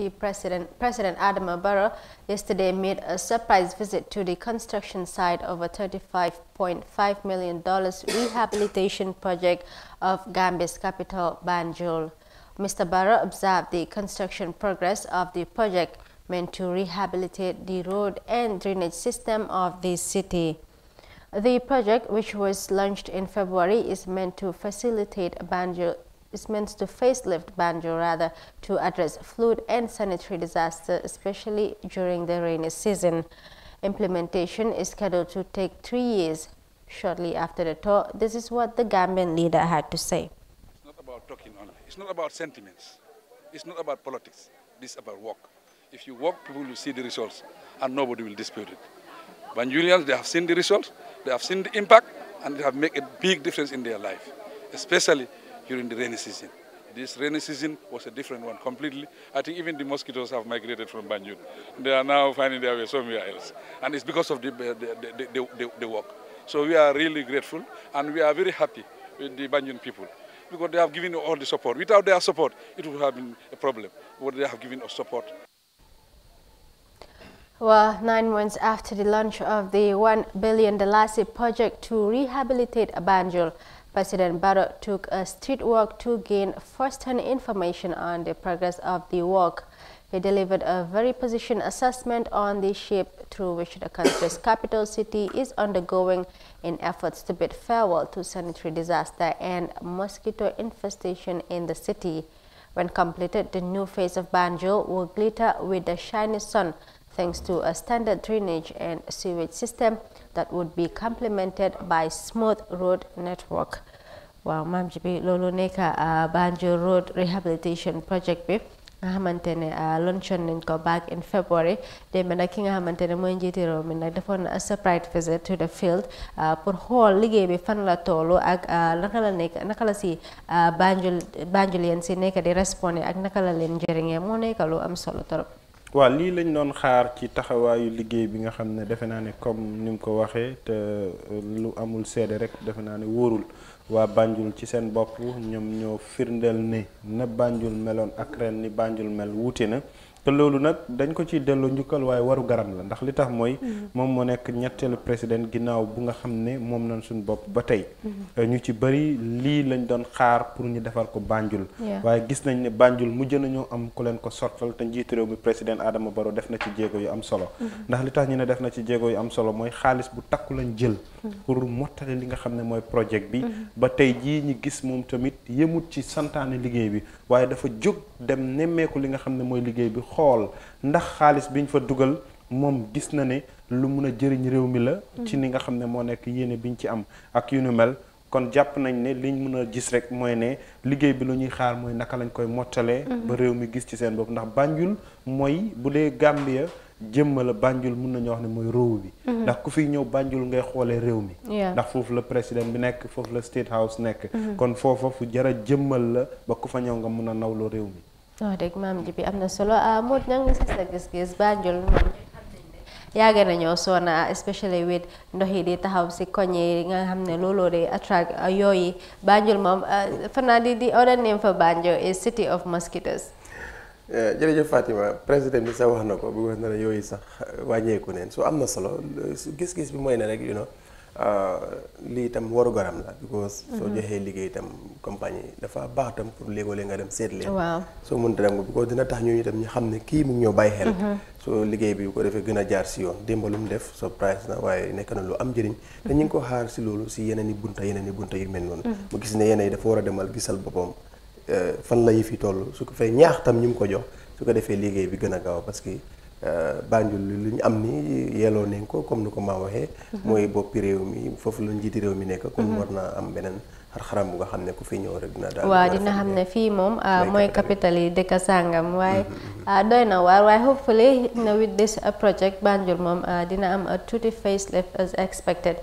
the President, President Adam Barrow yesterday made a surprise visit to the construction site of a $35.5 million rehabilitation project of Gambia's capital, Banjul. Mr. Barrow observed the construction progress of the project meant to rehabilitate the road and drainage system of the city. The project, which was launched in February, is meant to facilitate Banjul is meant to facelift Banjo rather to address flood and sanitary disaster, especially during the rainy season. Implementation is scheduled to take three years. Shortly after the tour, this is what the Gambian leader had to say. It's not about talking only. It's not about sentiments. It's not about politics. It's about work. If you work, people will see the results, and nobody will dispute it. Banjulians, they have seen the results, they have seen the impact, and they have made a big difference in their life, especially during the rainy season. This rainy season was a different one completely. I think even the mosquitoes have migrated from Banjul. They are now finding their way somewhere else. And it's because of the, the, the, the, the work. So we are really grateful and we are very happy with the Banjul people because they have given all the support. Without their support, it would have been a problem. But they have given us support. Well, nine months after the launch of the $1 billion Dalasi project to rehabilitate Banjul, President Barrow took a street walk to gain first-hand information on the progress of the work. He delivered a very position assessment on the shape through which the country's capital city is undergoing in efforts to bid farewell to sanitary disaster and mosquito infestation in the city. When completed, the new face of Banjul will glitter with the shiny sun thanks to a standard drainage and sewage system that would be complemented by smooth road network. waaw maam ji bi loolu Road Rehabilitation Project bi nga uh, luncheon nañ back in February démb nag ki nga xamante ne mooy njiiti réew a surprise visit to the field uh, pour xool liggéey bi fan la toolu ak uh, naka la nekk naka la si Banjul Banjul yéen si nekk di respondé ak naka la leen njëriñee moo am solo torop waa lii lañ doon xaar ci taxawaayu liggéey bi nga xam ne defe naa ne comme ni mu ko waxee te euh, lu amul seede rek defe naa ne wóorul waa bànjul ci seen bopp ñoom ñoo firndeel ne na Banjul meloon ak ren ni Banjul mel wuute na te loolu nag dañ ko ciy delloo njukkal waaye waru garam la ndax li tax mooy. Mm-hmm. moom moo nekk ñetteelu président ginnaaw bu nga xam ne moom nañ suñu bopp ba tey. Mm-hmm. ñu ci bëri lii lañ doon xaar pour ñu defal ko bànjul waaye gis nañ ne Banjul mujj nañoo am ku leen ko sottal te njiitu réew mi président Adama Barrow def na ci jéego yu am solo. Mm-hmm. ndax li tax ñu ne def na ci jéego yu am solo mooy xaalis bu takku lañ jël. pour mottali li nga xam ne mooy projet bi. ba tey jii ñu gis moom tamit yëmut ci santaane liggéey bi waaye dafa jóg dem nemmeeku li nga xam ne mooy liggéey bi xool ndax xaalis biñ fa dugal moom gis na ne lu mun a jëriñ réew mi la. ci ni nga xam ne moo nekk yéene ñu ci am ak yu nu mel. kon jàpp nañ ne liñ mën a gis rek mooy ne liggéey bi lu ñuy xaar mooy naka lañ koy mottalee. Mhm. ba réew mi gis ci seen bopp ndax Banjul mooy bu dee Gambia jëmma la Banjul mun nañu wax ne mooy réew bi. Mhm. ndax ku fiy ñëw Banjul ngay xoolee réew mi. ndax foofu la président bi nekk foofu la State House nekk. Mhm. kon foofa fu jara jëmmal la ba fa ñëw nga mun a nawloo réew mi. waaw oh, dégg maam ji am na solo ah, Modou ña ngi sa gis-gis Banjul na yàgg nañoo soona especially with ndox yi di taxaw si koñ yi nga xam ne looloo di attract ah, yooyu Banjul moom ah, fanaa di di other name for Banjul is city of mosquitoes eh, jërëjëf Fatima président bi sax wax na ko bu na la yooyu sax wàññeeku neen so am na solo gis-gis bi mooy ne rek you know Euh, lii itam waru garam la because mhm. soo joxee liggéey itam compagnie dafa baax itam pour léegoo-léeg nga dem seet leen soo mënta dem ko because dina tax ñooñu itam ñu xam ne kii mu ñoo bàyyi xel mhm. soo liggéey bi bu ko defee gën a jaar si yoon démbalum def surprise na waaye nekk na lu am njëriñ mhm. te ñu ngi ko xaar si loolu si yeneen i bunta yeneen i bunta yu mel noonu mu gis ne yeneen yi dafa war a demal gisal boppam euh, fan la yi fi toll su ko fee ñaax tam ñu mu ko jox su ko defee liggéey bi gën a gaaw parce que Euh, Banjul lu ñu am ni yelloo nañ ko comme ni ko maa waxee. Mhm. mooy boppi réew mi foofu la njiiti réew mi nekk. kon mhm. war naa am beneen xar-xaram bu nga xam ne ku fi ñëw rek dina daal. waaw dina xam ne fii moom ah, mooy capital yi dëkk sàngam waaye mhm, ah, doy na waar waaye hopefully na with this uh, project Banjul moom ah, dina am a tuuti facelift as expected.